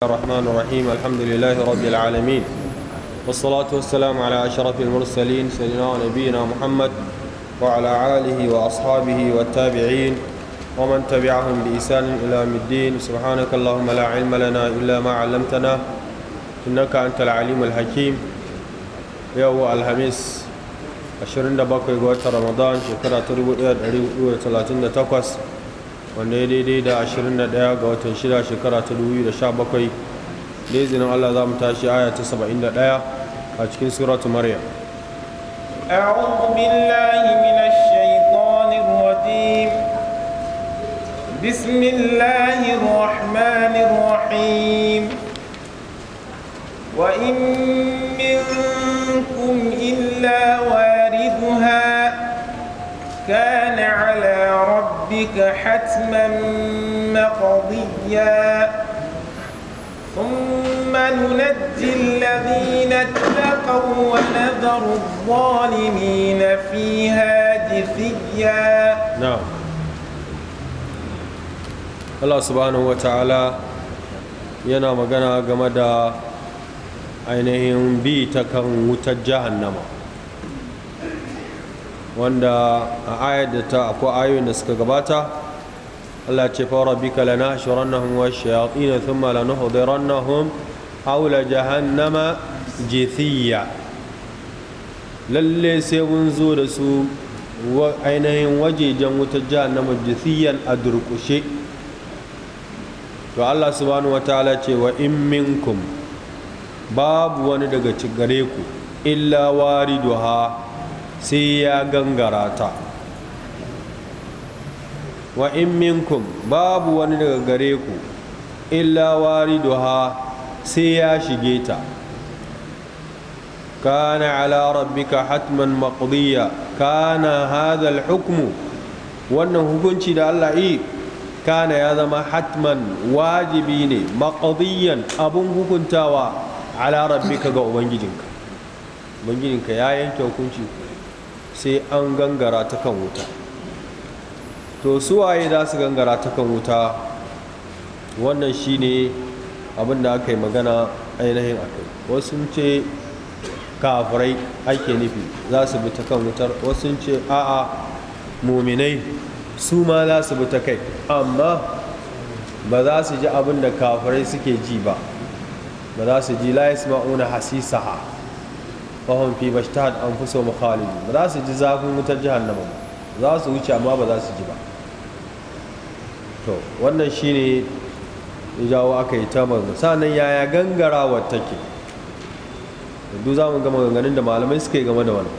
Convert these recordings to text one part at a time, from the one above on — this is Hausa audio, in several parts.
الرحمن الرحيم الحمد لله رب العالمين والصلاة والسلام على أشرف المرسلين سيدنا نبينا محمد وعلى آله وأصحابه والتابعين ومن تبعهم بإحسان إلى يوم الدين سبحانك اللهم لا علم لنا إلا ما علمتنا إنك أنت العليم الحكيم يوم الخميس 27 رمضان watan Ramadan shekara ta 1438 wanda ya daidai da 21 ga watan 6 shekara ta 2017 da izinin Allah za mu tashi aya ta 71 a cikin suratu maryam أعوذ بالله من الشيطان الرجيم بسم الله الرحمن الرحيم وإن منكم إلا واردها كان على رب ربك حتما مقضيا ثم ننجي الذين اتقوا ونذر الظالمين فيها جثيا نعم الله سبحانه وتعالى yana magana game عينيهم ainihin bi ta wanda a ayar da ta akwai ayoyin da suka gabata Allah ce fara ka lana shirannahum wa shayatin thumma hun haula jahannama jithiya lalle sai mun zo da su ainihin wajejen wutar jahannama jithiyan a durkushe to Allah subhanahu ala ce wa in minkum babu wani daga gare ku illa duha sai ya gangara ta wa in minkum babu wani daga gare ku illa duha sai ya shige ta kana ala rabbika hatman maqdiya kana hadal hukmu wannan hukunci da Allah yi kana ya zama hatman wajibi ne maqdiyan abun hukuntawa ala rabbika ga ubangijinka ubangijinka ya yanke hukunci sai an gangara ta kan wuta to suwaye za su gangara ta kan wuta wannan ne abin da aka yi magana ainihin akai wasu ce kafirai ake nufi za su bi ta kan wutar wasu ce a'a muminai su ma za su bi ta kai amma ba za su ji abin da kafirai suke ji ba ba za su ji la yasma'una hasisaha fahim fi mashtahad an fi so khalidu ba za su ji zafin wutar jahannama ba za su wuce amma ba za su ji ba to wannan shi ne ya jawo aka yi ta magana sanan yaya gangarawa take duk za mu ga maganganun da malamai suka yi game da wannan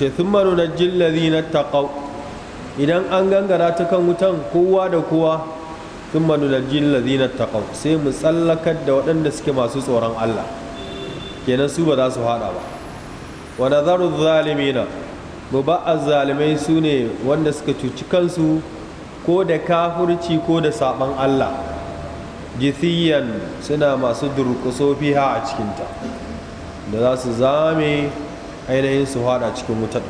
ce sun manu na jillazi na taƙau idan an gangara ta kan wutan kowa da kowa sun manu na jillazi na taƙau sai mu tsallakar da waɗanda suke masu tsoron allah kenan su ba za su haɗa ba wa nazaru zalimina mu ba zalimai su ne wanda suka cuci kansu ko da kafurci ko da saɓan Allah jithiyan suna masu durƙuso fiha a cikinta da za su zame ainihin su haɗa cikin wutar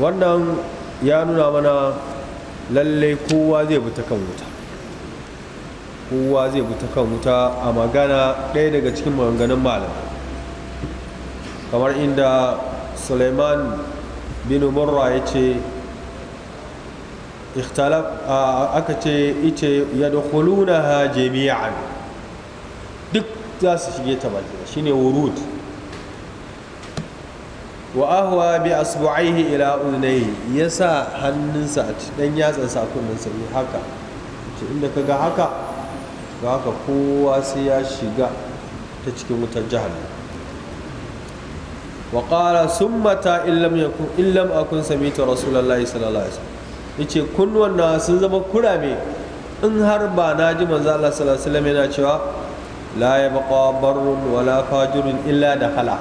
wannan ya nuna mana lallai kowa zai bi ta kan wuta kowa zai bi ta kan wuta a magana ɗaya daga cikin maganganun malamai kamar inda suleiman bin murra ya ce aka ce ice ya dukuluna ha jami'an duk za su shige ta baki ne wurud wa ahuwa bi asbu'aihi ila ya sa hannunsa a dan yatsansa a kunninsa haka inda ka ga haka da haka kowa sai ya shiga ta cikin wutar jahannam wa ƙara sun mata illam yakun illam sami ta rasulallah sallallahu alaihi wasallam ce kunnuwan na sun zama kurame in har ba na ji manzo Allah sallallahu alaihi wasallam yana cewa la baqa barrun wala fajirun illa da hala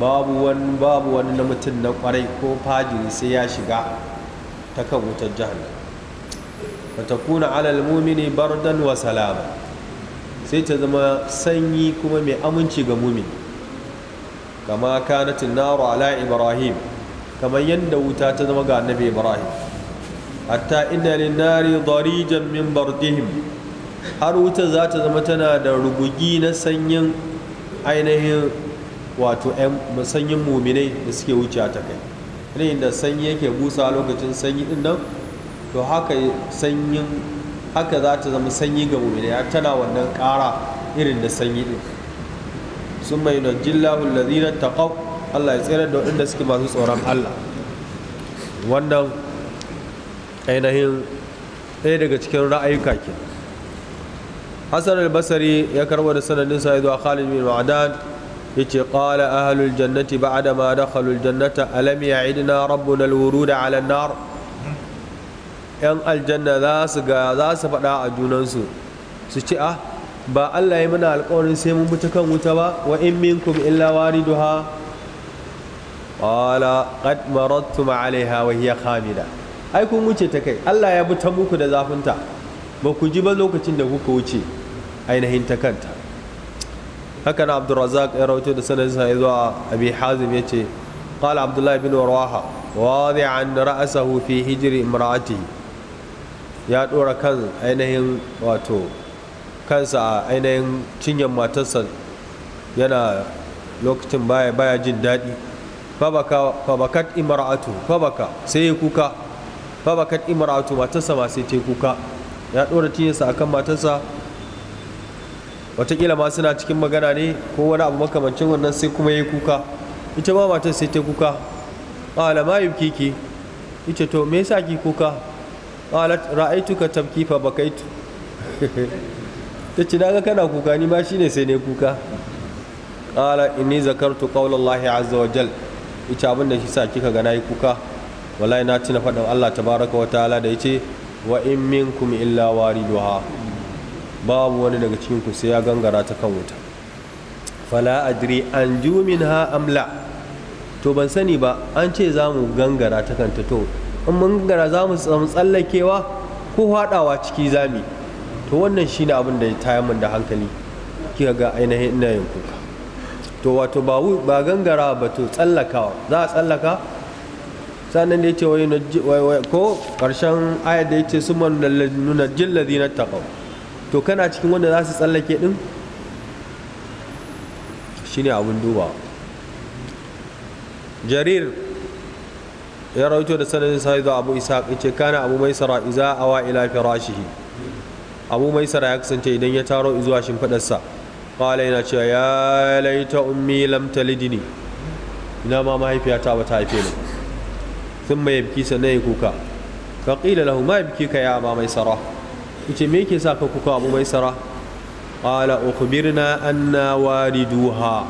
babu wani babu wani na mutum na kwarai ko fajiri sai ya shiga ta kan wutar jahannam fa alal ala almu'mini bardan wa salama sai ta zama sanyi kuma mai aminci ga mumin. kama kanatin naro ala ibrahim kamar yadda wuta ta zama ga annabi ibrahim hatta inna lin darijan min bardihim har wuta za ta zama tana da rugugi na sanyin ainihin wato sanyin muminai da suke wuce ta kai ne inda sanyi yake busa lokacin sanyi din nan to haka sanyin haka za ta zama sanyi ga mu'minai tana wannan ƙara irin da sanyi ɗin sun mai najillahu lalzinar taqaw Allah ya tsere da waɗanda suke masu tsoron Allah wannan ainihin ɗaya daga cikin ra'ayuka ke Hassan al basari ya karɓar da sanadin sa zuwa Khalid bin ce yace a ahlul jannati ba'ada ma dakhalul jannata alam ya rabbuna al na 'ala da 'yan aljanna za su ga za su faɗa a junansu su ce ah ba Allah ya mana alƙawarin sai mun mutu kan wuta ba wa in minkum illa wariduha qala qad maradtum alaiha wa hiya khamida ai kun wuce ta kai Allah ya buta muku da zafinta ba ku ji ba lokacin da kuka wuce ainihin ta kanta haka na Abdurrazzaq ya rawaito da sanadin sa zuwa Abi Hazim yace qala Abdullah bin Warwaha wadi an ra'sahu fi hijri imra'atihi ya ɗora kan ainihin wato kansa a ainihin cinyar matarsa yana lokacin baya baya jin daɗi fabakat imaratu fabaka sai ya kuka fabakat imaratu matarsa ma sai ta kuka ya ɗora cinyarsa a kan matarsa watakila ma suna cikin magana ne ko wani abu makamancin wannan sai kuma ya kuka ita ma matar sai ta kuka ƙala ma yubkiki ita to me yasa ki kuka qalat ra'aituka tabki fa bakaitu tace daga kana kuka ni ma shine sai ne kuka qala inni zakar qawla ƙaunar azza wa jal ita abin da sa kika ga nayi kuka wallahi na tuna faɗin Allah tabaraka wa ta'ala da yace wa in minkum illa wariduha babu wani daga cikin ku sai ya gangara ta kan wuta fala adri an ju minha amla to ban sani ba an ce za mu gangara ta ta to in mun gara za mu samu tsallakewa ko haɗawa ciki zami to wannan shi ne abin da ya taya min da hankali kika ga ainihin ina yin kuka to wato ba gangara ba to tsallakawa za a tsallaka sannan da ya ce ko ƙarshen ayar da ya ce su nuna jillazi na taƙau to kana cikin wanda za su tsallake ɗin shi ne abin duba jarir ya rawaito da sanadin sai da abu isa ce kana abu maisara iza awa ila firashihi abu maisara ya kasance idan ya taro zuwa shimfidarsa qala yana cewa ya laita ummi lam talidni ina ma mahaifiyata ba ta haife ni thumma yabki sannan ya kuka fa qila lahu ma yabkika ya abu maisara yace me yake sa ka kuka abu maisara qala ukhbirna anna wariduha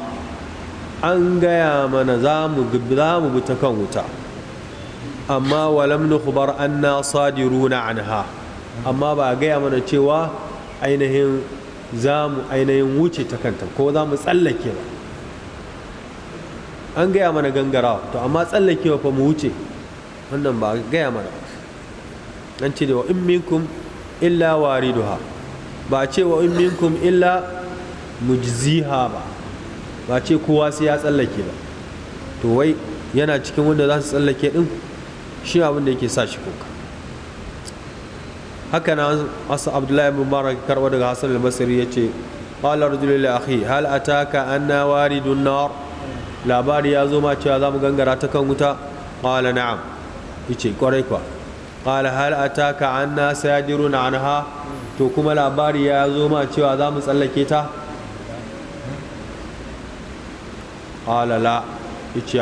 an gaya mana za mu bi ta kan wuta amma walam nukhbar anna sadiruna anha amma ba a gaya mana cewa ainihin za mu ainihin wuce ta kanta ko za mu tsallake ba an gaya mana gangarawa to amma tsallakewa fa mu wuce wannan ba gaya mana an ce da wa in minkum illa wariduha ba ce wa in minkum illa mujziha ba ba ce kowa sai ya tsallake ba to wai yana cikin wanda za su tsallake din shi abin da yake sa shi kuka haka na asa abdullahi mubarak karwa daga hasan al ya yace qala rajulul akhi hal ataka anna waridun nar labari ya zo ma cewa zamu gangara ta kan wuta qala na'am yace kwarai kwa qala hal ataka anna sajirun anha to kuma labari ya zo ma cewa zamu tsallake ta qala la yace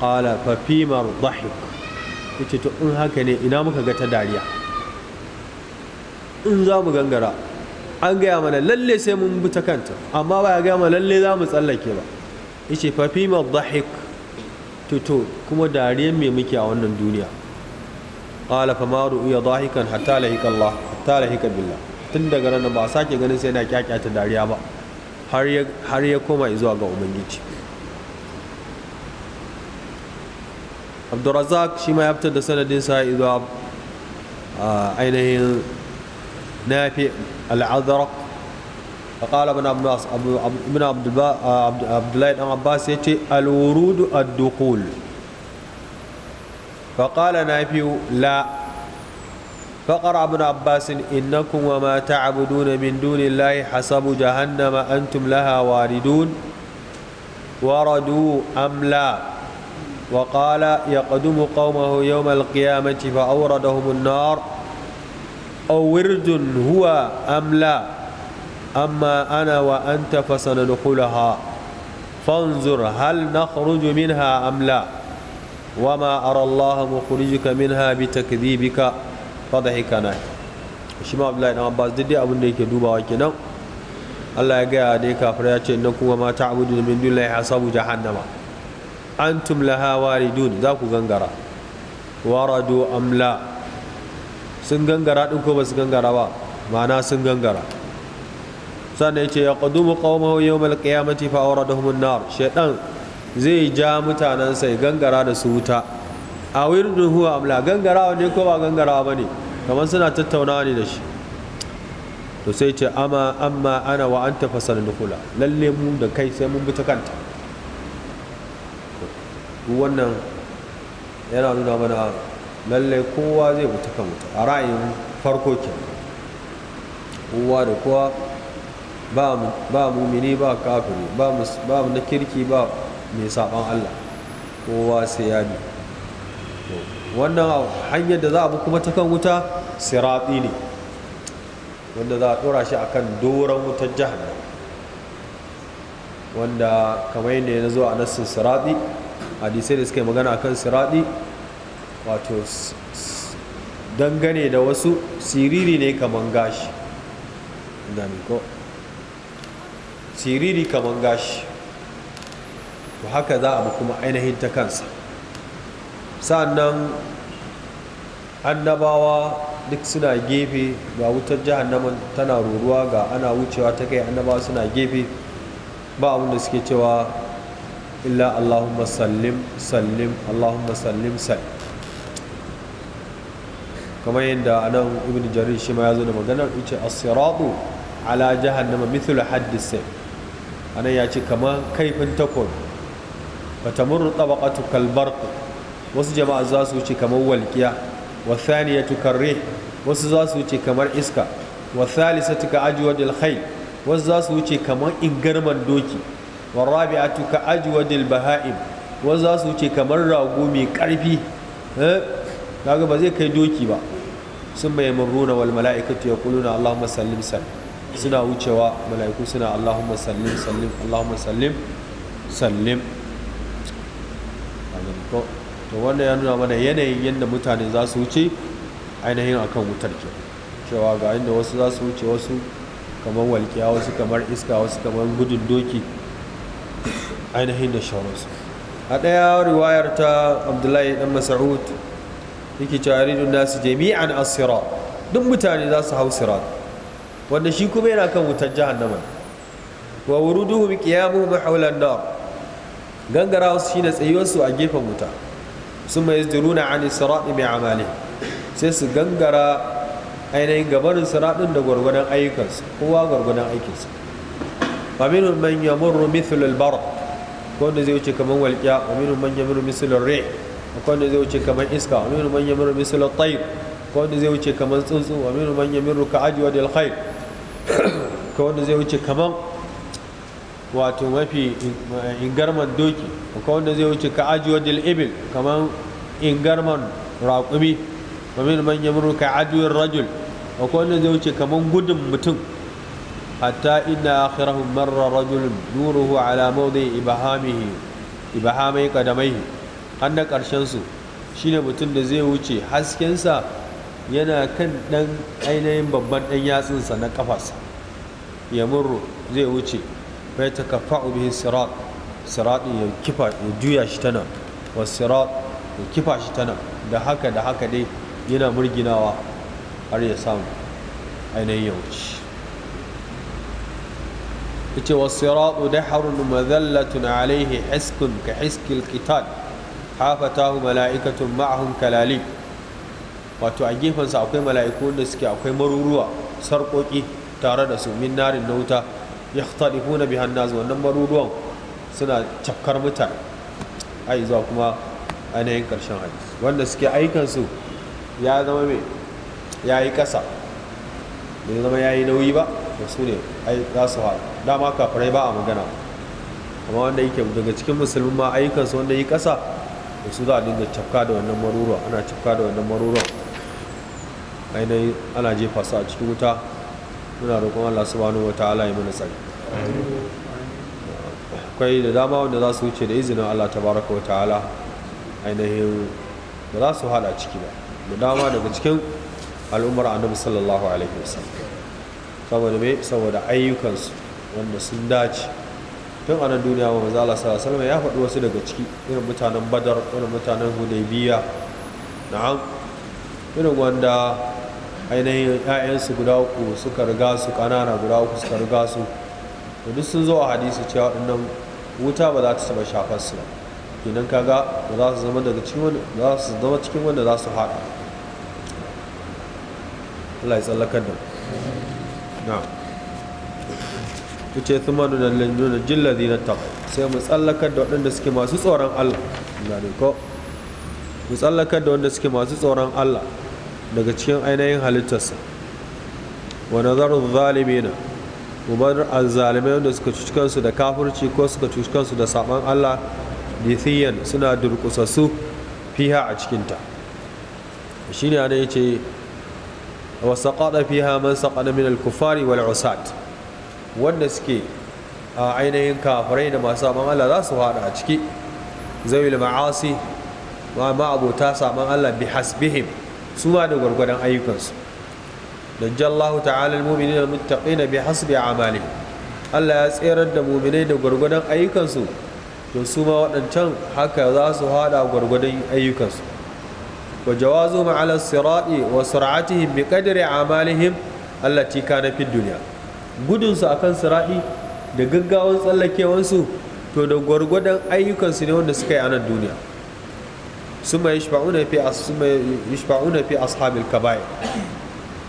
qala fa fima dhahik ce to in haka ne ina muka ga ta dariya in za mu gangara an gaya mana lalle sai mun bi ta kanta amma ba ya gaya mana lalle za mu tsallake ba yace ce fafi ma to to kuma dariyan me muke a wannan duniya qala fa ma ru'ya dahikan hatta lahika Allah billah tun daga nan ba sake ganin sai yana kyakyata dariya ba har ya koma zuwa ga ubangiji abdulrazak shima ma ya fitar da sanadin sa zuwa ainihin nafi al'adarak a kala bin abbas ibn abdullahi dan abbas ya ce al'urudu addukul فقال نافي لا فقر ابن عباس إنكم وما تعبدون من دون الله حسب جهنم أنتم لها واردون وردوا وقال يقدم قومه يوم القيامة فأوردهم النار أو ورد هو أم لا أما أنا وأنت فسندخلها فانظر هل نخرج منها أم لا وما أرى الله مخرجك منها بتكذيبك فضحكنا شما عبد الله بن عباس ددي أبن ديك دوبا وكنا الله يقع ديك فرياتي إنكم وما تعبدون من دون الله حساب جهنم antum laha waridun za ku gangara waradu amla sun gangara ɗin ko ba su gangara ba ma'ana sun gangara sannan ce ya ƙadumu ƙaumahu yau malƙiyamati fa aura da nar shaiɗan zai ja mutanen sai gangara da su wuta a wirdun huwa amla gangarawa ne ko ba gangarawa ba ne kamar suna tattaunawa ne da shi to sai ce amma amma ana wa anta fasal nukula lalle mu da kai sai mun bi ta kanta duk wannan yana nuna mana lallai kowa zai mutu kan mutu a ra'ayin farko ke kowa da kowa ba mumini ba kafiri ba na kirki ba mai saban Allah kowa sai ya bi wannan hanyar da za a bi kuma ta kan wuta sirati ne wanda za a ɗora shi a kan doron wutar jihar wanda kamar yadda ya zo a nassin sirati hadisai da suka yi magana kan siradi wato dangane da wasu siriri ne kaman gashi ko siriri kamar gashi to haka za a bi kuma ainihin ta kansa sa'annan annabawa duk suna gefe ga wutar jahannaman tana ruruwa ga ana wucewa ta kai annabawa suna gefe ba abinda suke cewa illa Allahumma sallim sallim Allahumma sallim sal kamar yadda anan ibn jarir shi ya zo da maganar yace as ala jahannama mithlu haddis sai anan ya ce kaifin takon bata murru tabaqatu kal wasu jama'a za su wuce kamar walqiya wa thaniyatu karrih wasu za su wuce kamar iska wa thalithatu ka ajwadil khayl wasu za su wuce kamar ingarman doki wa rabi'atu ka ajwadil baha'im wanzu za su wuce kamar rago mai karfi kaga ba zai kai doki ba sun mai murruna wal mala'ikatu yaquluna allahumma sallim sallim suna wucewa mala'iku suna allahumma sallim sallim allahumma sallim sallim to wannan ya nuna mana yanayin yadda mutane za su wuce ainihin akan wutar ke cewa ga inda wasu za su wuce wasu kamar walƙiya wasu kamar iska wasu kamar gudun doki ainihin da shawararsu a ɗaya riwayar ta abdullahi dan mas'ud yake cewa ridun nasu jami'an asira duk mutane za su hau sira wanda shi kuma yana kan wutar jahannama wa wuruduhum qiyamuhum hawla an-nar gangara su shine tsayuwar su a gefen wuta summa yazduruna an sirat bi amali sai su gangara ainihin gabanin sirat da gwargwadon ayyukansu kowa gwargwadon aikinsa wa minhum man yamurru mithlu al-barq wanda zai wuce kaman walqiya wa minhum man yamurru mithlu ar-rih wanda zai wuce kaman iska wa minhum man yamurru mithlu at-tayr wanda zai wuce kaman tsuntsu wa minhum man yamurru ka'ajwad al-khayl ka wanda zai wuce kaman wato mafi ingarman doki ka zai wuce ka'ajwad al-ibil kaman ingarman raƙumi wa minhum man rajul zai wuce kaman gudun mutum hatta inna akhirahum marra rajulun nuruhu ala mawdi ibhamihi ibhamai qadamaihi har na karshen su shine mutum da zai wuce hasken haskensa yana kan dan ainihin babban dan yatsinsa na kafarsa ya murru zai wuce bai ta kafa bihi sirat sirat ya kifa ya juya shi wa sirat ya kifa shi tana da haka da haka dai yana murginawa har ya samu ainihin wuce yace was-siratu harun madhallatun alayhi hiskun ka hiskil qital hafatahu mala'ikatun ma'ahum kalali wato a gefensa akwai mala'iku wanda suke akwai maruruwa sarƙoƙi tare da su min narin na wuta ya na bi hannas wannan maruruwan suna cafkar mutane a zuwa kuma ainihin ƙarshen hadisi wanda suke aikansu ya zama mai ya yi ƙasa bai zama ya yi nauyi ba da su ne za su haɗu dama kafirai ba a magana amma wanda yake daga cikin musulmi ma ayyukansu wanda yi ƙasa da su za a dinga cafka da wannan maruruwa ana cafka da wannan maruruwa ainihin ana jefa su a cikin wuta muna roƙon allah subhanahu wa ta'ala ya mana tsari akwai da dama wanda za su wuce da izinin allah tabaraka wa ta'ala ainihin ba za su hada ciki ba da dama daga cikin al'ummar annabi sallallahu alaihi wasallam saboda me saboda ayyukansu wanda sun dace tun a nan duniya wa manzo Allah sallallahu ya faɗi wasu daga ciki irin mutanen Badar irin mutanen Hudaybiya na'am irin wanda ainihin su guda uku suka riga su ƙanana guda uku suka riga su to duk sun zo a hadisi cewa waɗannan wuta ba za ta taɓa shafar su ba kenan kaga ba za su zama daga cikin za su zama cikin wanda za su haɗa Allah ya tsallakar da na ta ce su manu na lalzuna jillazi na ta sai mu tsallakar da waɗanda suke masu tsoron allah gane ko mu tsallakar da waɗanda suke masu tsoron allah daga cikin ainihin halittarsa wa nazaru zalimina mu bar azzalimai wanda suka cuci kansu da kafirci ko suka cuci kansu da saban allah lithiyan suna durƙusassu fiha a cikinta shine ne ya ce wasu fiha man saƙaɗa min al-kufari wal-usat wanda suke a ainihin kafirai da masu saman Allah za su haɗa a ciki zawil ma'asi ma ma'abota saman Allah bi hasbihim su ma da gwargwadon ayyukansu dajjallahu ta'ala al-mu'minina al na bi hasbi a'malihim Allah ya tserar da mu'minai da gwargwadon ayyukansu to su ma waɗancan haka za su haɗa gwargwadon ayyukansu wa jawazu ma'ala sirati wa sur'atihim bi qadri a'malihim allati kana fid dunya gudunsu a kan siraɗi da gaggawan tsallakewansu to da gwargwadon ayyukansu ne wanda suka yi a nan duniya suma yashfa'una fi ashabil kaba'ir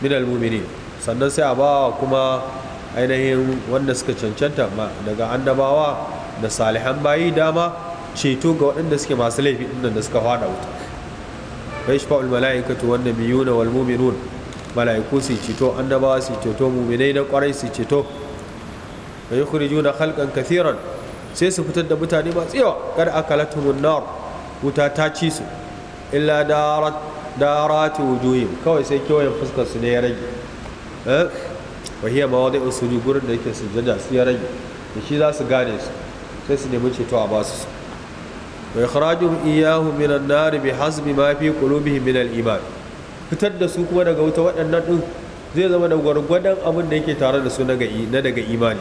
min mumini sannan sai a ba kuma ainihin wanda suka cancanta daga annabawa da salihan bayi dama ceto ga waɗanda suke masu laifi inda da suka fada wuta yashfa'ul mala'ikatu wan nabiyuna wal mu'minun mala'iku su ceto annabawa su ceto muminai na kwarai su ceto kuri juna halkan kathiran sai su fitar da mutane masu yawa aka akalatumun nar wuta ta ci su illa darat wujuhim kawai sai kewayen fuskar su ne ya rage eh? wa hiya mawadi'u sujud gurin da yake sujada su ya rage da shi za su gane su sai su nemi ceto a basu su wa ikhrajum iyyahu minan nar bihasbi ma fi qulubihim min al-iman fitar da su kuma daga wuta waɗannan ɗin zai zama da gwargwadon abin da yake tare da su na daga imani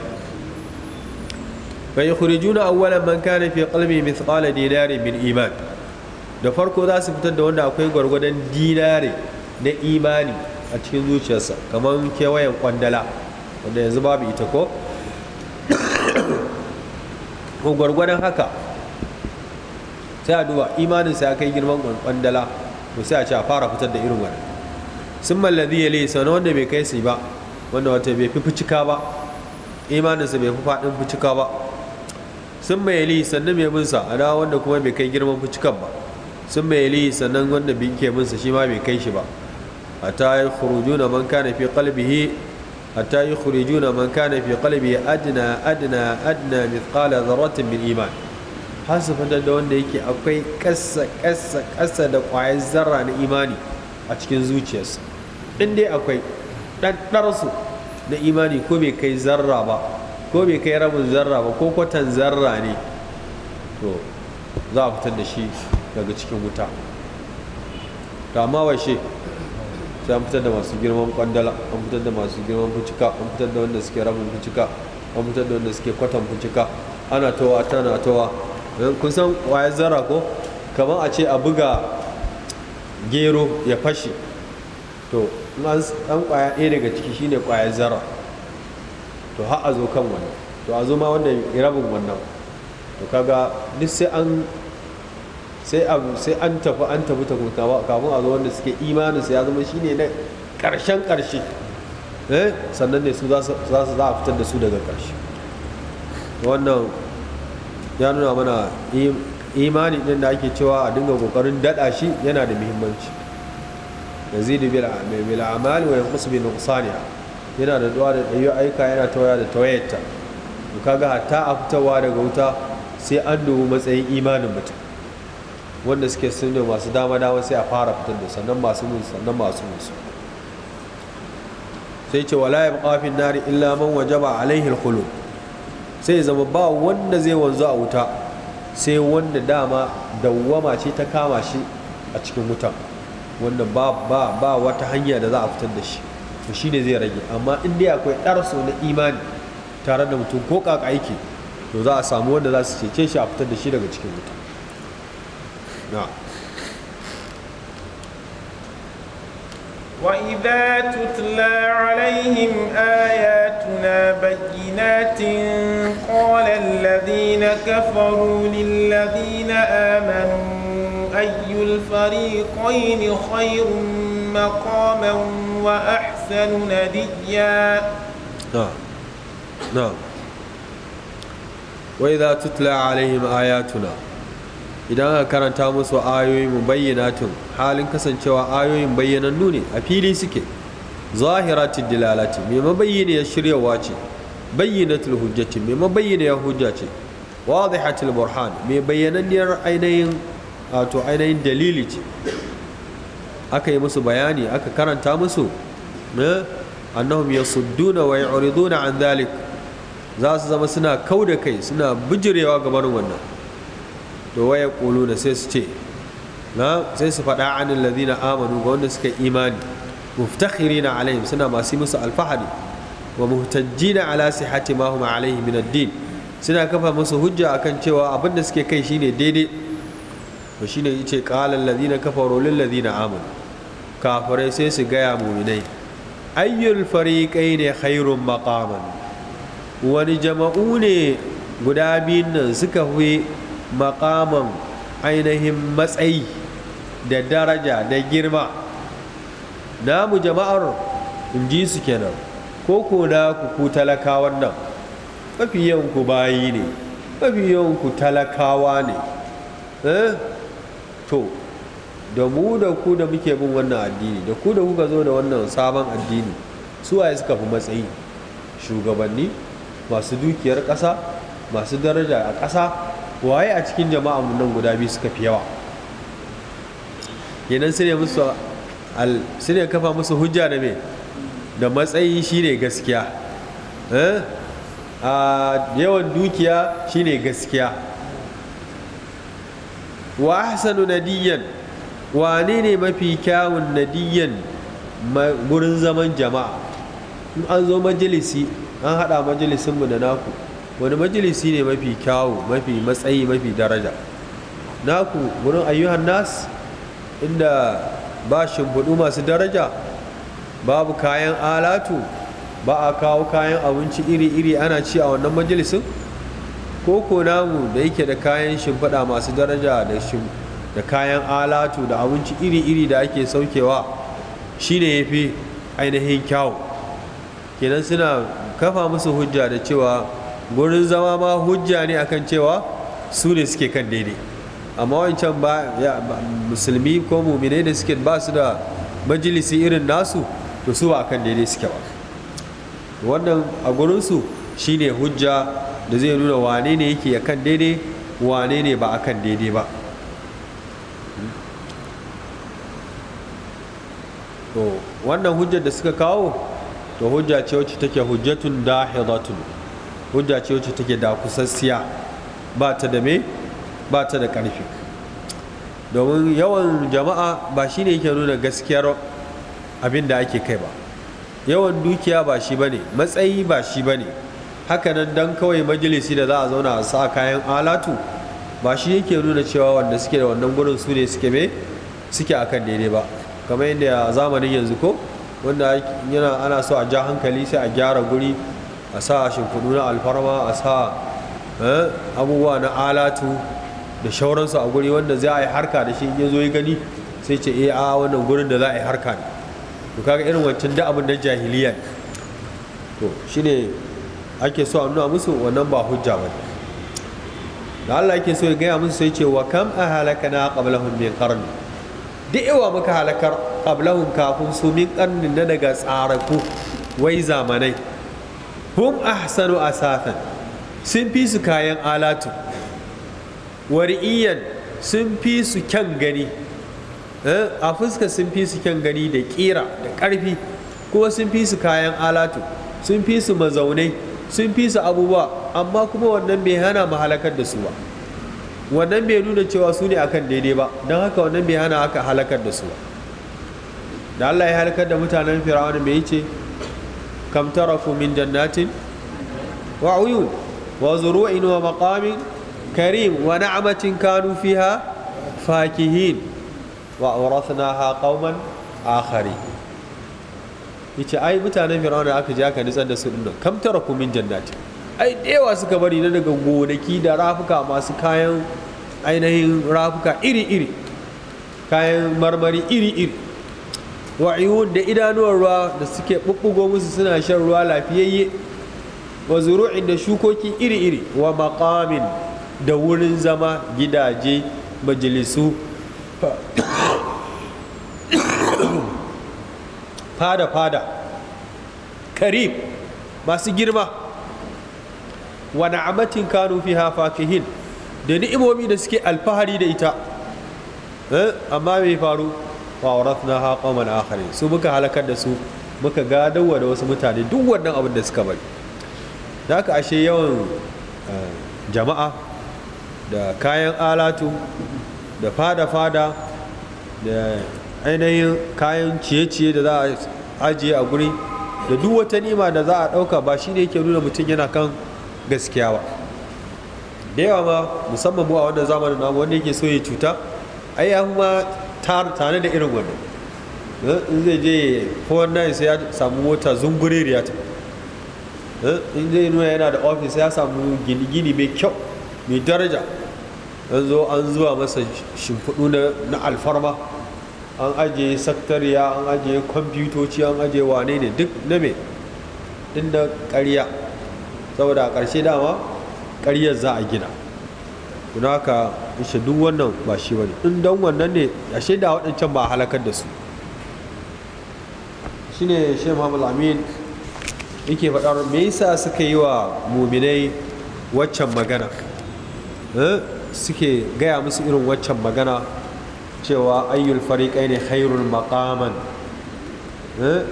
bai yukhrijuna awwalan man kana fi qalbi mithqala dinari min iman da farko za su fitar da wanda akwai gwargwadon dinari na imani a cikin zuciyarsa kamar kewayen kwandala wanda yanzu babu ita ko gwargwadon haka sai a duba imanin sa ya kai girman kwandala to sai a ce a fara fitar da irin wani. sun mallazi ya lai sanar wanda bai kai su ba wanda wata bai fi fucika ba imaninsa bai fi faɗin fucika ba sun mai yali sannan mai binsa a dawa wanda kuma bai kai girman fucikan ba sun mai yali sannan wanda bai ke binsa shi ma bai kai shi ba hatta yi khurujuna man kana fi qalbihi hatta yi khurujuna man kana fi qalbihi adna adna adna mithqala dharratin min iman har su da wanda yake akwai ƙasa ƙasa ƙasa da ƙwayar zarra na imani a cikin zuciyarsu in dai akwai ɗanɗarsu na imani ko bai kai zarra ba ko bai kai rabin zarra ba ko kwatan zarra ne to za a fitar da shi daga cikin wuta to amma washe sai an fitar da masu girman kwandala an fitar da masu girman fucika an fitar da wanda suke rabin fucika an fitar da wanda suke kwatan fucika ana towa tana towa kun san ƙwayar zara ko kamar a ce a buga gero ya fashe to an ƙwaya ɗaya daga ciki shine ƙwayar zara to har a zo kan wani to a zo ma wanda ya rabin wannan to kaga duk sai an sai an tafi an tafi ta kafin a zo wanda suke imanin sai ya zama shine na ƙarshen ƙarshe eh? sannan ne su za su za a fitar da su daga ƙarshe wannan ya nuna mana imani din da ake cewa a dinga kokarin dada shi yana da muhimmanci da bil bil amali wa yanqus bi nuqsaniya yana da duwa da dayo aika yana tawaya da tawayarta to kaga hatta a fitawa daga wuta sai an dubi matsayin imanin mutum wanda suke sun masu dama dama sai a fara fitar da sannan masu mun sannan masu mun sai ce wala yabqa fi nari illa man wajaba alaihi al-khulud sai zama ba wanda zai wanzu a wuta sai wanda dama dawwama ce ta kama shi a cikin wutan wanda ba ba ba wata hanya da za a fitar da shi to shi ne zai rage amma in dai akwai ɗarsu na imani tare da mutum ko kaka yake to za a samu wanda za su cece shi a fitar da shi daga cikin wuta وإذا تتلى عليهم آياتنا بينات قال الذين كفروا للذين آمنوا أي الفريقين خير مقاما وأحسن نديا نعم نعم وإذا تتلى عليهم آياتنا idan aka karanta musu ayoyi mu bayyanatun halin kasancewa ayoyin bayyanannu ne a fili suke zahiratul dilalati mai mabayyana ya shiryawa ce bayyanatul hujjati mai mabayyana ya hujja ce wadihatul burhan mai bayyananniyar ainihin wato ainihin dalili ce aka yi musu bayani aka karanta musu na annahum yasudduna wa yu'riduna an dhalik za su zama suna kauda kai suna bijirewa gaban wannan to waya kulu da sai su ce na sai su faɗa anil ladina amanu ga wanda suka imani muftakhirina alaihim suna masu musu alfahari wa muhtajjina ala sihhati ma huma alaihi min ad suna kafa musu hujja akan cewa abin da suke kai shine daidai to shine yace qala alladhina kafaru lil ladina amanu kafare sai su gaya mu'minai ayyul ne khairum maqaman wani jama'u ne guda biyun nan suka fi maƙaman ainihin matsayi da daraja da girma namu jama'ar in ji su kenan ko ko na ku talakawan nan mafi ku bayi ne mafi yawanku talakawa ne eh? to da mu da ku da muke bin wannan addini da ku da kuka zo da wannan sabon addini su waye suka fi matsayi shugabanni masu dukiyar ƙasa masu daraja a ƙasa waye a cikin jama'a mu nan guda biyu suka fi yawa yanan sai musu al sai kafa musu hujja da me da matsayi shine gaskiya eh? a yawan dukiya shine gaskiya wa ahsanu nadiyan wane ne mafi kyawun nadiyan gurin zaman jama'a an zo majalisi an haɗa majalisinmu da naku wani majalisi ne mafi kyawu mafi matsayi mafi daraja naku wurin ayyuhan nas inda ba shimfiɗu masu daraja babu kayan alatu ba a kawo kayan abinci iri-iri ana ci a wannan majalisin koko namu da yake da kayan shimfiɗa masu daraja da kayan alatu da abinci iri-iri da ake saukewa ne ya fi ainihin kyawu kenan suna kafa musu hujja da cewa gurin zama ma hujja ne akan cewa su ne suke kan daidai amma wancan ba musulmi ko mumine da suke ba su da majalisi irin nasu to su ba akan daidai suke ba wannan a gurinsu shine hujja da zai nuna wane ne yake akan daidai wane ne ba akan daidai ba to wannan hujjar da suka kawo to hujja ce wacce take hujjatun dahidatun hujja ce wacce take da kusassiya ba ta da me ba ta da ƙarfi domin yawan jama'a ba shi ne yake nuna gaskiyar abin da ake kai ba yawan dukiya ba shi ba ne matsayi ba shi ba ne hakanan don kawai majalisi da za a zauna a sa kayan alatu ba shi yake nuna cewa wanda suke da wannan gurin su ne suke mai suke kan daidai ba kamar yadda zamanin yanzu ko wanda ana so a ja hankali sai a gyara guri a sa shimfiɗu na alfarma a sa eh, abubuwa na alatu da shauransu a guri wanda za a yi harka da shi ya zo yi gani sai ce e a wannan gurin da za a yi harka ne to kaga irin wancan da abin da jahiliya to shine ake so a nuna musu wannan ba hujja ba da Allah yake so ya gaya musu sai ce wa kam na qablahum min qarni da yawa muka halakar qablahum kafin su min na daga tsaraku wai zamanai hum ahsanu asafan sun fi su kayan alatu wari'iyan sun fi su kyan gani eh, a fuska sun fi su kyan gani da ƙira da ƙarfi kuma sun fi su kayan alatu sun fi su mazaunai sun fi su abubuwa amma kuma wannan bai hana mahalakar da su ba wannan bai nuna cewa su ne akan daidai ba don haka wannan bai hana aka halakar da su ba da Allah ya halakar da mutanen fir'auna mai ce kam taraku min jannatin wa uyun wa zuru'in wa maqamin karim wa na'amatin kanu fiha fakihin wa awrathnaha qauman akhari yace ai mutanen fir'auna aka ji aka nitsar da su dinnan kam taraku min jannatin ai dewa suka bari na daga gonaki da rafuka masu kayan ainihin rafuka iri-iri kayan marmari iri-iri wa'iyun da idanuwar ruwa da suke bubbugo musu suna shan ruwa lafiyayye wa zuru'in da shukoki iri-iri wa maqamin da wurin zama gidaje majalisu fada-fada karib masu girma wa na'amatin kanu fiha fakihin da ni'imomi da suke alfahari da ita eh, amma mai faru wa auratnaha qauman akharin su muka halakar da su muka gadawa da wasu mutane duk wannan abin da suka bari da haka ashe yawan eh, jama'a da kayan alatu da fada-fada da ainihin kayan ciye-ciye da za a ajiye a guri da duk wata nima da za a ɗauka ba shi ne yake nuna mutum yana kan gaskiya ba da yawa ma musamman mu a wannan zamanin namu wanda yake so ya cuta ai ma tare da irin wannan eh, in zai je kowannan sai ya samu mota zunguririya ta eh, in zai nuna yana da ofis ya samu gini-gini mai kyau mai daraja an zo an zuwa masa shimfiɗu na alfarma an ajiye saktariya an ajiye kwamfutoci an ajiye wane ne duk na mai din da ƙarya saboda a ƙarshe dama ƙaryar za a gina kuna haka yace duk wannan ba shi bane in don wannan ne ashe da waɗancan ba halakar da su shine Sheikh Muhammad Amin yake faɗa me yasa suka yi wa muminai waccan magana eh, suke gaya musu irin waccan magana cewa ayyul fariƙai ne khairul maqaman eh,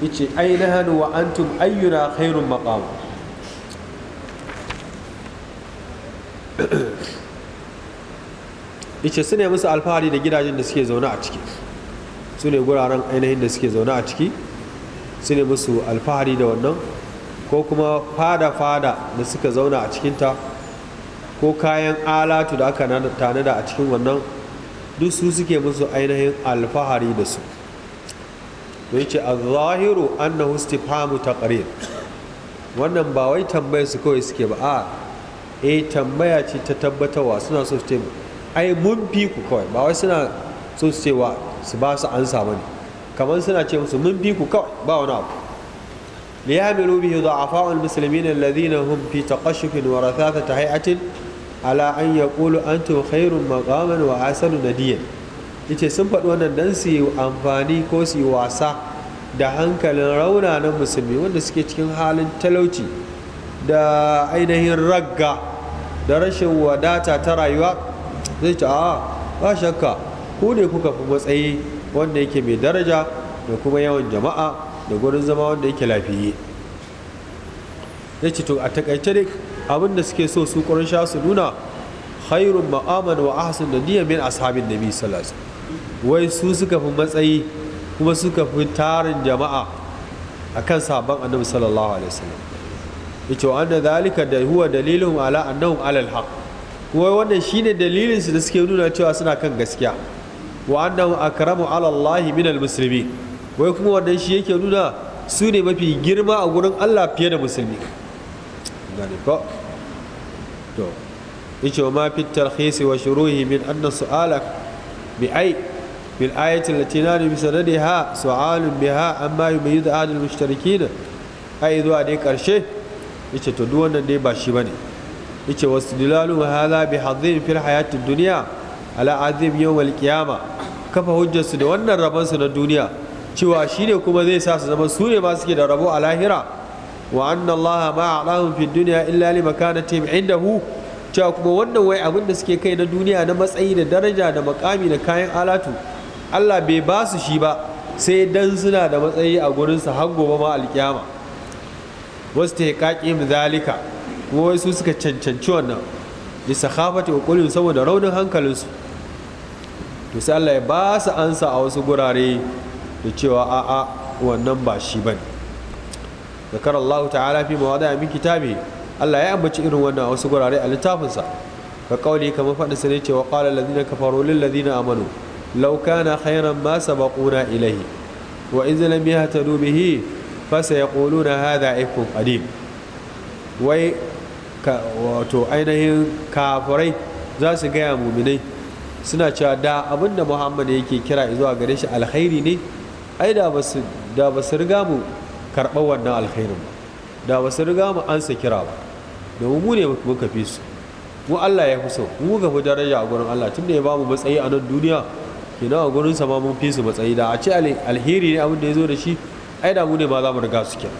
yace ainihin wa antum ayyuna khairul maqam yace su ne musu alfahari da gidajen da suke zaune a ciki su ne guraren ainihin da suke zaune a ciki su ne musu alfahari da wannan ko kuma fada-fada da suka zauna a cikinta ko kayan alatu da aka tanada a cikin wannan duk su suke musu ainihin alfahari da su da yake a zahiru Famu ta ƙare wannan ba wai tambayar su kawai suke ba a eh, tambaya ce ta tabbatarwa suna so su taimaka ai mun fi ku kawai ba wai suna so su cewa su ba su ansa bane kamar suna ce musu mun fi ku kawai ba wani abu liyamilu bihi dha'afa'ul muslimin alladhina hum fi taqashshufin wa rathathati hay'atin ala an yaqulu antum khairun maqaman wa asanu nadiyan yace sun faɗi wannan dan su yi amfani ko su yi wasa da hankalin rauna na musulmi wanda suke cikin halin talauci da ainihin ragga da rashin wadata ta rayuwa zai ce a ba shakka ku ne kuka fi matsayi wanda yake mai daraja da kuma yawan jama'a da gurin zama wanda yake lafiye Zai ce to a takaice ne abin suke so su ƙurin sha su nuna khairun ma'aman wa ahsan da niyyar min ashabin nabi sallallahu wai su suka fi matsayi kuma suka fi tarin jama'a akan sabon annabi sallallahu alaihi wasallam yace wa anna dhalika da huwa dalilun ala annahum ala haqq wai wannan shine dalilinsu da suke nuna cewa suna kan gaskiya wa annahu akramu ala Allah min almuslimin wai kuma wannan shi yake nuna su ne mafi girma a gurin Allah fiye da musulmi gane ko to yace ma fi tarhis wa shuruhi min anna su'alak bi ay bil ayati allati nadu bi sanadiha su'alun biha amma yumayyizu al-mushtarikin ai zuwa dai karshe yace to duk wannan dai ba shi bane yace wasdilalu hadha bi hadhin fil hayatid dunya ala azim yawmal qiyama kafa hujjarsu da wannan rabon su na duniya cewa shine kuma zai sa su zama su ne ma suke da rabo a lahira wa anna Allah ma a'lahum fid dunya illa li makanatihim indahu cewa kuma wannan wai abin da suke kai na duniya na matsayi da daraja da makami da kayan alatu Allah bai ba su shi ba sai dan suna da matsayi a gurinsa har gobe ma alkiyama wasu ta zalika kuma wai su suka cancanci wannan bisa khafati uqulin saboda raunin hankalinsu to sai Allah ya ba su ansa a wasu gurare da cewa a'a wannan ba shi bane zakar Allah ta'ala fi mawada min kitabi Allah ya ambaci irin wannan a wasu gurare a littafinsa ka kauli kamar faɗi sa ne cewa qala alladhina kafaru lil ladina amanu law kana khayran ma sabaquna ilayhi wa in lam yahtadu bihi fasayaquluna hadha ifkun qadim wai wato ainihin kafirai za su gaya muminai suna cewa da abin da muhammad yake kira zuwa gare shi alkhairi ne ai da ba su riga mu karɓar wannan alkhairin ba da ba su riga mu ansa kira ba domin mu ne muka fi su mu Allah ya fi so mu ga fi daraja a gurin Allah tunda ya ba mu matsayi a nan duniya kina a gurin sa ma mun fi su matsayi da a ce alheri ne abin da ya zo da shi ai da mu ne ma za mu riga su kira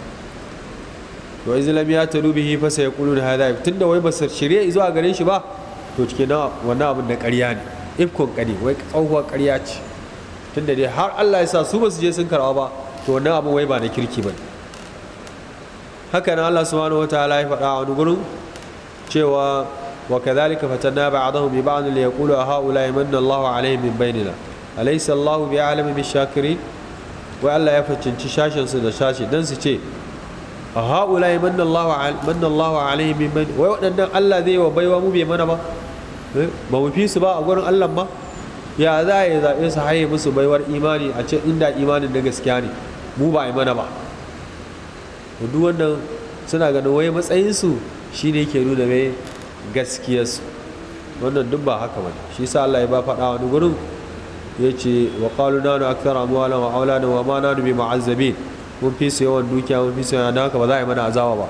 to wai zilam ya taru bihi fa sai yaqulu hadha tunda wai ba shirye a gare shi ba to cike na wannan abin da ƙarya ne ifkon ƙari wai tsohuwar karya ce tunda dai har Allah ya sa su ba su je sun karawa ba to wani abin wai ba na kirki ba haka nan Allah wata ala ya faɗa a wani gurin cewa wa zalika a fatanna ba'dahum bi ba'd li yaqulu a haula yamanna Allahu alaihim min bai alaysa Allahu bi a'lamu bi shakirin wai Allah ya fahimci shashin su da shashi don su ce haula manna Allahu manna Allahu alaihim min wai waɗannan Allah zai wa baiwa mu bai mana ba eh, ba mu fi su ba a gurin Allah ba ya za yi zaɓe su haye musu baiwar imani a ce inda imanin na gaskiya ne mu ba a mana ba duk wannan suna ganin wai matsayinsu shi ne ke nuna mai gaskiyarsu wannan duk ba haka ba shi sa Allah ya ba faɗa wani gurin ya ce wa qalu nanu akthara amwalan wa auladan wa ma nanu bi mu'azzabin mun fi su yawan dukiya mun fi su yawan haka ba za a yi mana azawa ba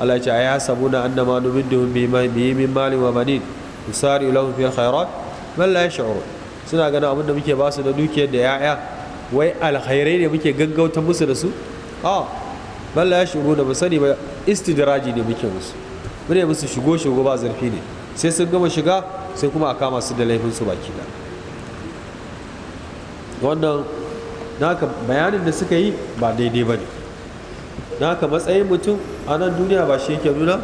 Allah ce sabu na annama nubidduhum yi min malin wa banin yusari lahum fil khairat man la suna ganin abin da muke ba su da dukiyar da ya'ya wai alkhairai ne muke gaggauta musu da su a man la yash'ur da musani sani ba istidraji ne muke musu mune musu shigo shigo ba zarfi ne sai sun gama shiga sai kuma a kama su da laifin su baki da wannan don haka bayanin da suka yi ba daidai ba ne Naka haka matsayin mutum a nan duniya ba shi yake nuna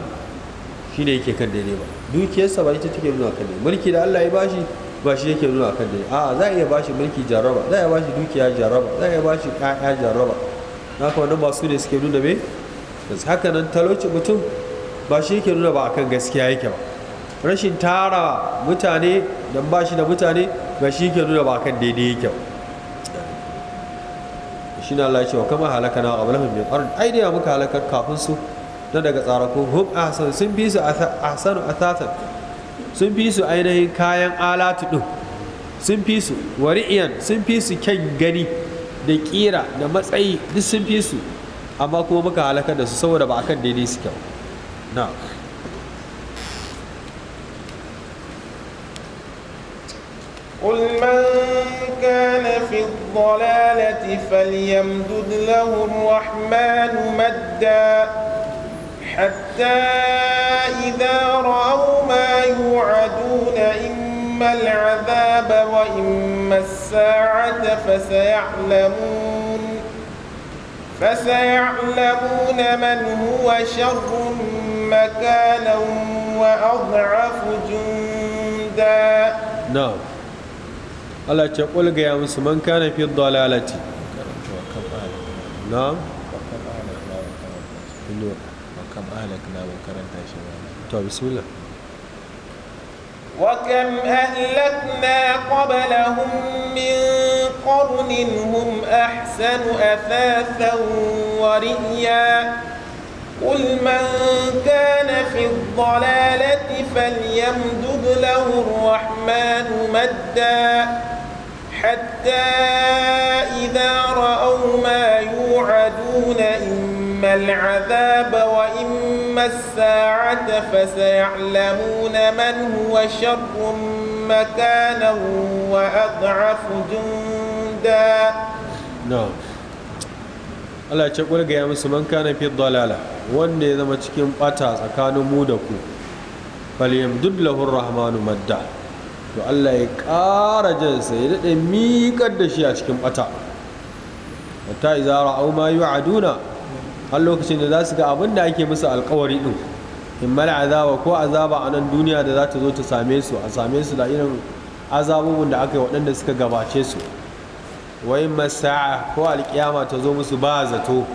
shi ne yake kan daidai ba dukiyarsa ba ita take nuna kan daidai mulki da Allah ya bashi ba shi yake nuna kan daidai a'a za a iya bashi mulki jaraba za a iya bashi dukiya jaraba za a iya bashi ƴaƴa jaraba Naka haka wannan ba su ne suke nuna me haka nan talauci mutum ba shi yake nuna ba akan gaskiya yake ba rashin tara mutane dan ba shi da mutane ba shi yake nuna ba akan daidai yake ba shine Allah ya ce wa kama halakana qablahum min qarn ai da muka halakar kafin su na daga tsarako hum ahsan sun bi su ahsanu athatan sun fi su ainihin kayan alatu din sun fi su wari'iyan sun fi su kyan gani da kira da matsayi duk sun fi su amma kuma muka halakar da su saboda ba akan daidai su kyau na'am قل من كان في الضلالة فليمدد له الرحمن مدا حتى إذا رأوا ما يوعدون إما العذاب وإما الساعة فسيعلمون فسيعلمون من هو شر مكانا وأضعف جندا نعم no. Allah ce ƙulga ya musu man kana fi dalalati na'am وكم أهلكنا وكرن تاشوا طيب بسم الله وكم أهلكنا قبلهم من قرن هم أحسن أثاثا ورئيا قل من كان في الضلالة فليمدد له الرحمن مدا حتى إذا رأوا ما يوعدون إما العذاب وإما الساعة فسيعلمون من هو شر مكانا وأضعف جندا نعم Allah ce ya musu man kana fi dalala wanda ya zama cikin bata tsakanin mu da ku falyamdud lahu rahmanu madda to Allah ya ƙara sai ya daɗe miƙar da shi a cikin ɓata ta hatta iza yi ma Aduna. har lokacin da za su ga abin da ake musu alkawari din in mal azaba ko azaba a nan duniya da za ta zo ta same su a same su da irin azabubun da aka yi waɗanda suka gabace su wai masa'a ko alƙiyama ta zo musu ba zato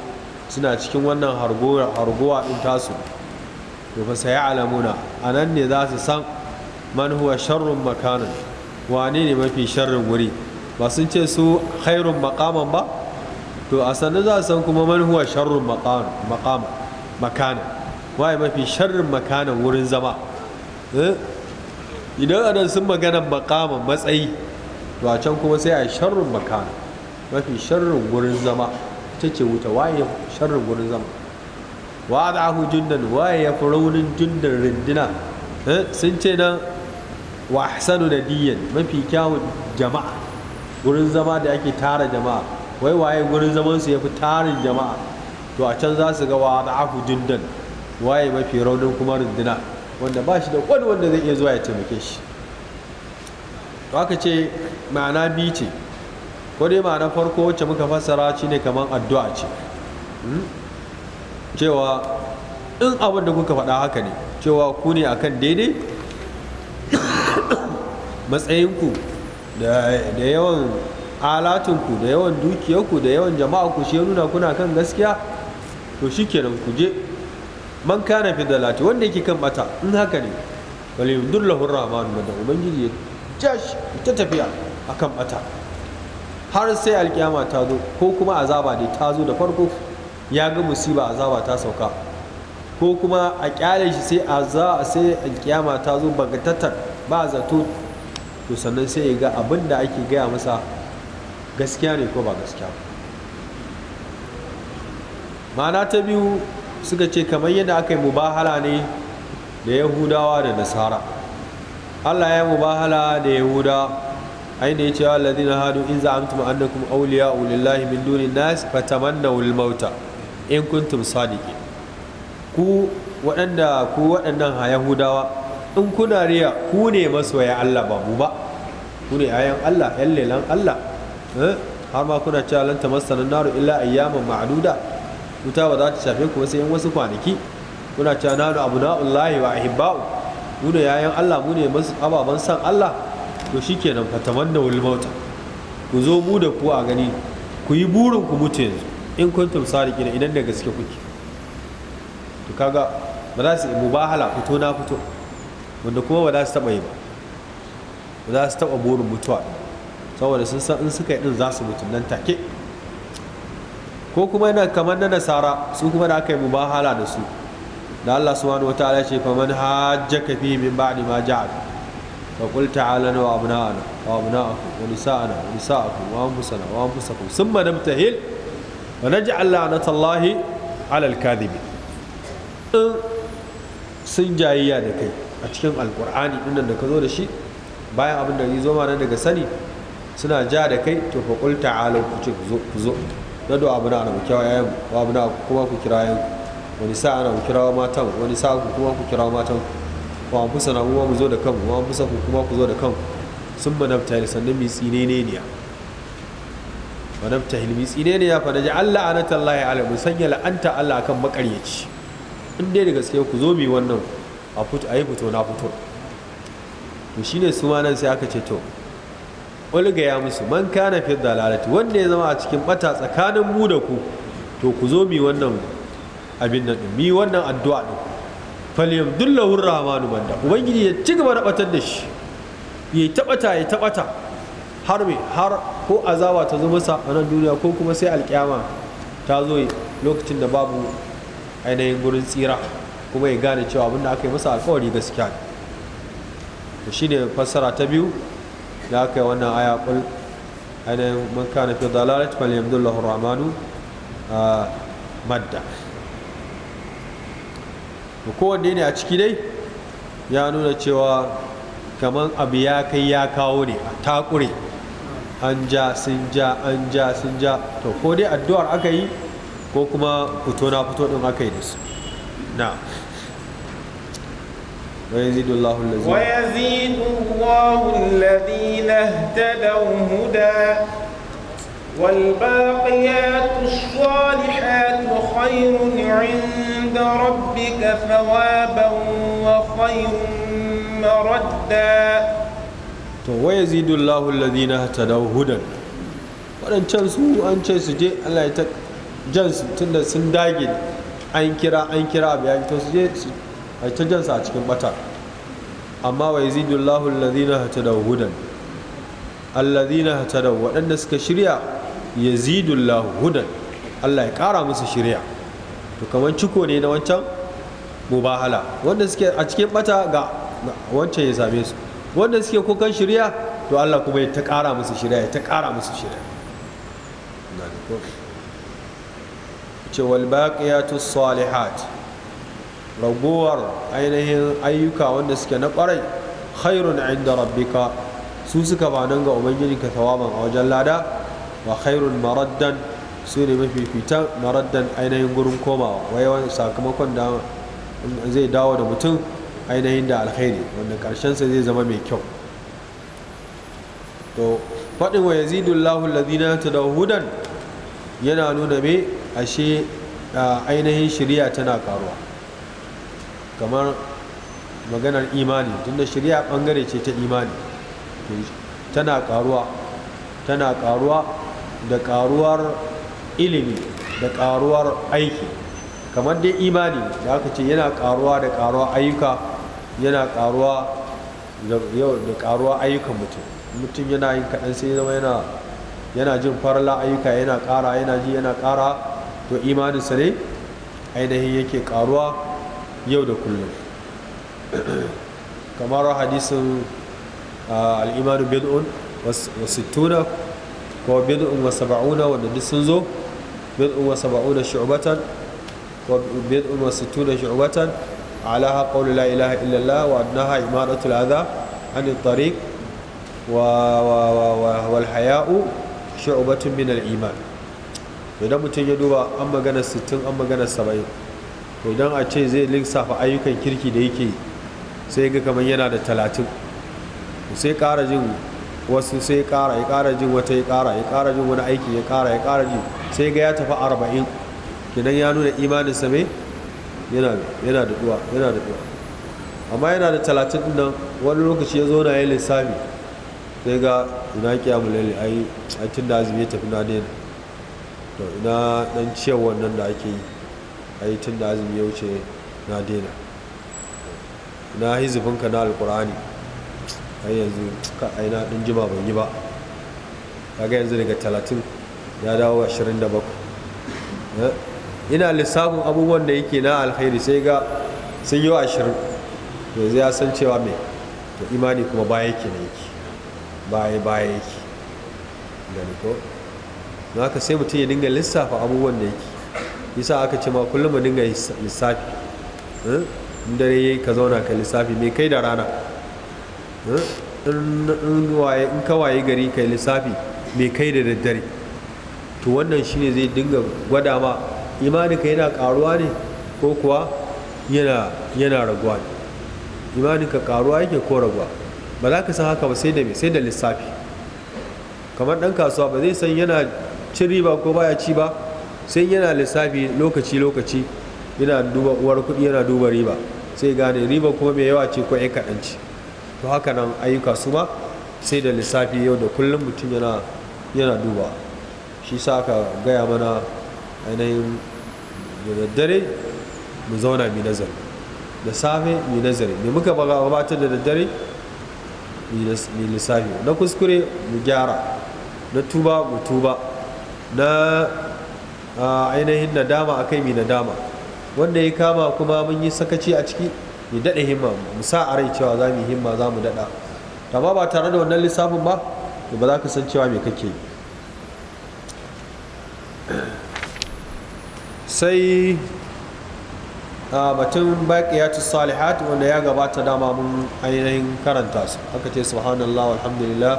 suna cikin wannan hargowa ɗin tasu to fa sai alamuna a nan ne za su san man huwa sharrun makanan wane ne mafi sharrin wuri ba sun ce su khairun makaman ba to a sannu za a san kuma man huwa sharrun makaman makanan waye mafi sharrin makanan wurin zama eh? idan anan sun magana makaman matsayi to a can kuma sai a sharrun makanan mafi sharrin wurin zama ita ce wuta waye sharrin wurin zama wa da ahu jundan waye ya fi raunin jundan rindina eh? sun ce nan wa ahsanu nadiyan mafi kyawun jama'a gurin zama da ake tara jama'a wai waye gurin zaman su yafi tarin jama'a to a can za su ga wa da'afu jindan waye mafi raunin kuma runduna wanda ba shi da wani wanda zai iya zuwa ya taimake shi to aka ce ma'ana bi ce ko dai ma'ana farko wacce muka fassara shi ne kamar addu'a ce hmm? cewa in abin da kuka faɗa haka ne cewa ku ne akan daidai matsayinku da yawan alatinku da yawan dukiyarku da yawan jama'a ku shi nuna kuna kan gaskiya to shikenan ku je man kana fi dalati wanda yake kan bata in haka ne wal yudullahu da ubangiji ya jash ta tafiya akan bata har sai alkiyama ta zo ko kuma azaba dai ta zo da farko ya ga musiba azaba ta sauka ko kuma a kyale shi sai azaba sai alkiyama ta zo bagatattar ba zato to sannan sai ya ga abin da ake gaya masa gaskiya ne ko ba gaskiya ma'ana ta biyu suka ce kamar yadda aka yi mubahala ne da yahudawa da nasara allah ya yi mubahala da yahuda ainihin da ya ce wa na hadu in za a za'amtum kuma auliya ulillahi min duni na fataman na wulmauta in kuntum sadiki ku waɗanda ku waɗannan ha yahudawa in kuna riya ku ne masoya Allah ba mu ba ku ne ayan Allah yan lelan Allah eh? har ma kuna cewa lan naru illa ayyaman ma'duda wuta ba za ta shafe ku sai yan wasu kwanaki kuna cewa na abna'ullahi wa ahibba'u mu ne ayan Allah mu ne ababan san Allah to shikenan da wal mauta ku zo mu da ku a gani ku yi burin ku mutu yanzu in kuntum sadiqina idan da gaske kuke to kaga ba za su yi mubahala fito na fito wanda kuma ba za su taɓa yi ba ba za su taɓa burin mutuwa saboda sun san in suka yi din za su mutu nan take ko kuma yana kamar na nasara su kuma da aka yi mubahala da su da Allah su subhanahu wataala ce fa man ka fi min ba'di ma ja'ak fa qul ta'ala wa abna'ana wa abna'akum wa nisa'ana wa nisa'akum wa anfusana wa anfusakum thumma namtahil wa naj'al la'nata Allahi 'ala al-kadhibin sun jayayya da kai a cikin alkur'ani dinnan da ka zo da shi bayan abin da zo mana daga sani suna ja da kai to faƙul ta'ala ku ce ku zo na do abu na ana kira yayan ba abu na kuma ku kira yayan wani sa ana ku kira matan wani sa ku kuma ku kira matan ku an fusa na kuma mu zo da kan? Ko an fusa ku kuma ku zo da kan? sun ba nafta ne sannan mi tsine ne ne ba nafta mi tsine ne ya fada ji Allah anatallahi alaihi sanya la'anta Allah akan makaryaci in dai da gaske ku zo mi wannan a fito a yi fito na fito to shine su ma nan sai aka ce to ulga ya musu man kana fi dalalati wanda ya zama a cikin bata tsakanin mu da ku to ku zo mi wannan abin nan mi wannan addu'a din falyam dullahu rahmanu banda ubangiji ya ci gaba da batar da shi ya tabata ya tabata har me har ko azaba ta zo masa a nan duniya ko kuma sai alkyama ta zo lokacin da babu ainihin gurin tsira kuma ya gane cewa abinda aka yi masa alkawari gaskiya ne to shi ne fassara ta biyu da aka yi wannan aya kul ainihin mun kana fi dalalat fal yamdullahu rahmanu ah, madda to wanda ne a ciki dai ya nuna cewa kamar abu ya kai ya kawo ne a takure an ja sun ja an ja sun ja to ko dai addu'ar aka yi ko kuma fito na fito din aka yi da su na ويزيد الله الذين ويزيد الله الذين اهتدوا هدى والباقيات الصالحات خير عند ربك ثوابا وخير مردا to wayazidullahu alladhina hatadaw hudan wadancan su an ce su je Allah ya ta jan su tunda sun dage an kira an kira bayan su je a ta jansa a cikin bata amma wa yazidu Allahu alladhina hatadaw hudan alladhina hatadaw suka shirya yazidu Allahu hudan Allah ya kara musu shirya to kamar ciko ne na wancan mubahala wanda suke a cikin bata ga wancan ya same su wanda suke kokan shirya to Allah kuma ya ta kara musu shirya ya ta kara musu shirya ce wal baqiyatus salihat ragowar ainihin ayyuka wanda suke na kwarai khairun inda rabbika su suka ba nan ga ubangijinka tawaban a wajen lada wa khairun maraddan su ne mafifitan maraddan ainihin gurin komawa wai sakamakon da zai dawo da mutum ainihin da alkhairi wanda karshensa zai zama mai kyau to faɗin wa yazidullahu da hudan yana nuna me ashe ainihin shirya tana karuwa kamar maganar imani tunda shirya bangare ce ta imani tana karuwa tana karuwa da karuwar ilimi da karuwar aiki kamar dai imani da aka ce yana karuwa da karuwa ayyuka yana karuwa da karuwa ayyukan mutum mutum yana yin kaɗan sai zama yana yana jin farla ayyuka yana ƙara yana ji yana ƙara to imaninsa ne ainihin yake ƙaruwa. yau da kullum kamar hadisin al'imanu bid'un wa sittuna ko bid'un wa saba'una wanda duk sun zo bid'un wa saba'una shu'batan wa bid'un wa sittuna shu'batan alaha qawlu la ilaha illallah wa adnaha imaratul adha an tariq wa wal haya'u shu'batun min al iman idan mutum ya duba an magana 60 an magana 70 to idan a ce zai lissafa ayyukan kirki da yake sai ga kamar yana da talatin sai ƙara jin wasu sai ƙara ya ƙara jin wata ya ƙara ya ƙara jin wani aiki ya ƙara ya ƙara jin sai ga ya tafi arba'in kinan ya nuna imanin same yana da duwa yana da duwa amma yana da talatin nan wani lokaci ya zo na yin lissafi sai ga ina kiyamu lalle ai tun da azumi ya tafi na daina to ina dan ciyar wannan da ake yi ai tun da azumi ya wuce na daina na yi hizifinka na alkur'ani ai yanzu ka ai na ɗin jima ban yi ba kaga yanzu daga talatin ya dawo ashirin da bakwai eh, ina lissafin abubuwan da yake na alkhairi sai ga sun yi ashirin yanzu ya san cewa mai to imani kuma baya yake na yake baya baya yake gani ko na ka sai mutum ya dinga lissafa abubuwan da yake yasa aka ce ma kullum mu dinga lissafi eh? in dare yayi ka zauna ka lissafi me kai da rana eh? in waye in ka waye gari kai lissafi me kai da daddare to wannan shine zai dinga gwada ma imaninka yana karuwa ne ko kuwa yana yana raguwa ne imaninka karuwa yake ko raguwa ba za ka san haka ba sai da sai da lissafi kamar dan kasuwa ba zai san yana cin riba ko baya ci ba sai yana lissafi lokaci-lokaci yana duba uwar kuɗi yana duba riba sai gane riba kuma mai yawa ce ko 'yan kaɗan ce to haka nan ayyuka su ma sai da lissafi yau da kullum mutum yana yana duba shi sa aka gaya mana ainihin da daddare mu zauna mai nazari da safe mai nazari mai muka gabatar da daddare mai lissafi na kuskure mu gyara na tuba mu tuba na ainihin nadama kai mai nadama wanda ya kama kuma mun yi sakaci a ciki ya daɗe himma mu sa a rai cewa za mu yi himma za mu daɗa amma ba tare da wannan lissafin ba to ba za ka san cewa me kake yi sai batun baƙiyatu salihat wanda ya gabata dama mun ainihin karanta su aka ce subhanallah walhamdulillah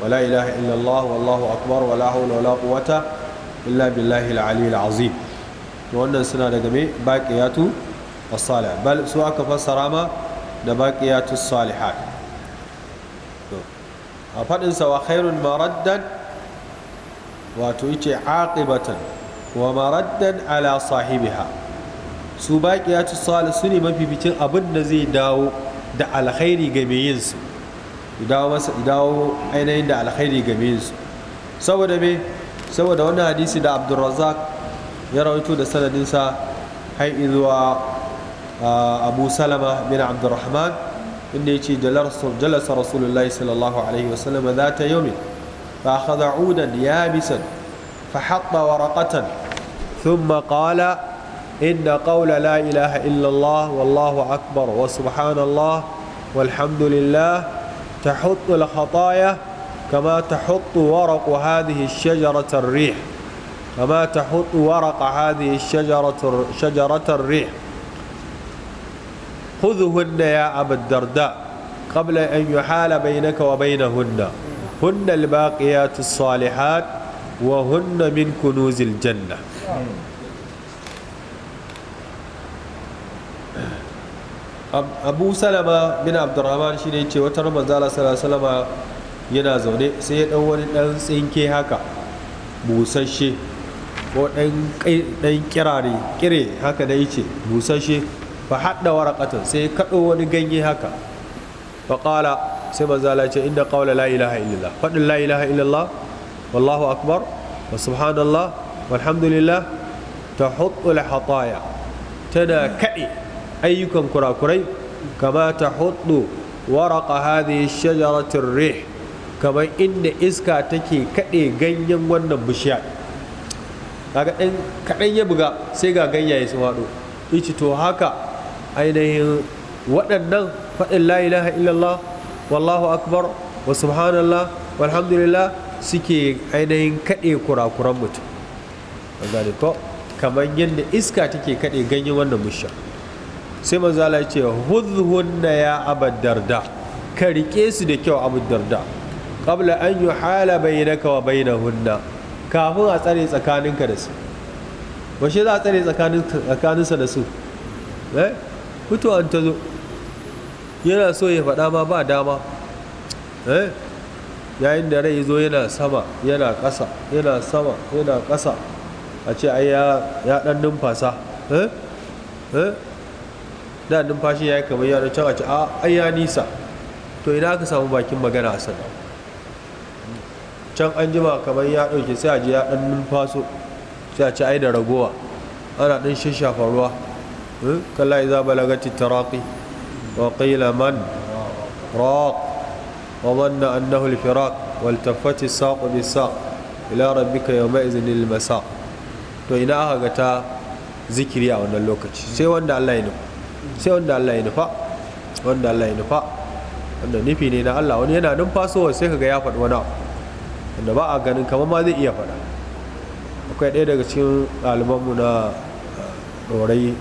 wala ilaha illallah wallahu akbar wala hawla wala quwwata illa billahi al'ali ali azim wannan suna daga me baqiyatu as-salih bal su aka fassara ma da baqiyatu as-salihat to a fadin sa wa khairun maraddan wato yace aqibatan wa maraddan ala sahibiha su baqiyatu as-salih mafi bikin abin da zai dawo da alkhairi ga mai yin su dawo ainihin da alkhairi ga mai yin su saboda me saboda wani hadisi da abdulrazak ya rawaito da sanadinsa har zuwa abu salama bin abdurrahman inda ya ce jalasa rasulullahi sallallahu alaihi wasallam za ta yomi fa akhadha udan yabisan fa hatta waraqatan thumma qala inna qawla la ilaha illa allah wallahu akbar wa subhanallah والحمد لله تحط الخطايا كما تحط ورق هذه الشجرة الريح كما تحط ورق هذه الشجرة شجرة الريح خذهن يا أبا الدرداء قبل أن يحال بينك وبينهن هن الباقيات الصالحات وهن من كنوز الجنة أبو سلمة بن عبد الرحمن شنيتي وترمز على صلى الله عليه وسلم yana zaune sai ya ɗan wani ɗan tsinke haka busasshe ko ɗan kirare kire haka da ce busasshe fa haɗa warakatan sai kaɗo wani ganye haka fa ƙala sai manzala ce inda ƙaula la ilaha illallah faɗin la ilaha illallah wallahu akbar wa subhanallah walhamdulillah ta hudu hataya tana kaɗe ayyukan kurakurai kama ta hudu waraƙa hadhihi shajaratin rih kamar inda iska take kaɗe ganyen wannan bishiya kaga ɗan kaɗan ya buga sai ga ganyaye sun haɗo ici to haka ainihin waɗannan faɗin la ilaha illallah wallahu akbar wa subhanallah walhamdulillah suke ainihin kaɗe kurakuran mutum an gane ko kamar yadda iska take kaɗe ganyen wannan bishiya sai manzala ya ce hudhunna ya abadarda ka riƙe su da kyau abu darda qabla an kawa bai na hunna kafin a tsare tsakaninka da su shi za a tsare tsakaninsa da su eh an ta zo yana so ya faɗa ma ba dama eh yayin da rai zo yana sama yana ƙasa yana sama yana ƙasa a ce ai ya ɗan numfasa eh eh da numfashi ya yi kamar yana can a ce a ai ya nisa to ina aka samu bakin magana a sanar can an jima kamar ya ɗauke sai a ji ya ɗan numfaso sai a ci ai da ragowa ana ɗan shishafa ruwa hmm? kalla iza balagati taraqi wa qila man raq wa manna annahu al-firaq wal taffati saq bi saq ila rabbika yawma idhin al to ina aka ga ta zikiri a wannan lokaci sai wanda Allah ya nufa sai wanda Allah ya nufa wanda Allah ya nufa wanda nufi ne na Allah wani yana numfasowa sai kaga ya faɗi wani abu da ba a ganin kamar ma zai iya faɗa akwai ɗaya daga cikin ɗalibanmu na eh, ɗorai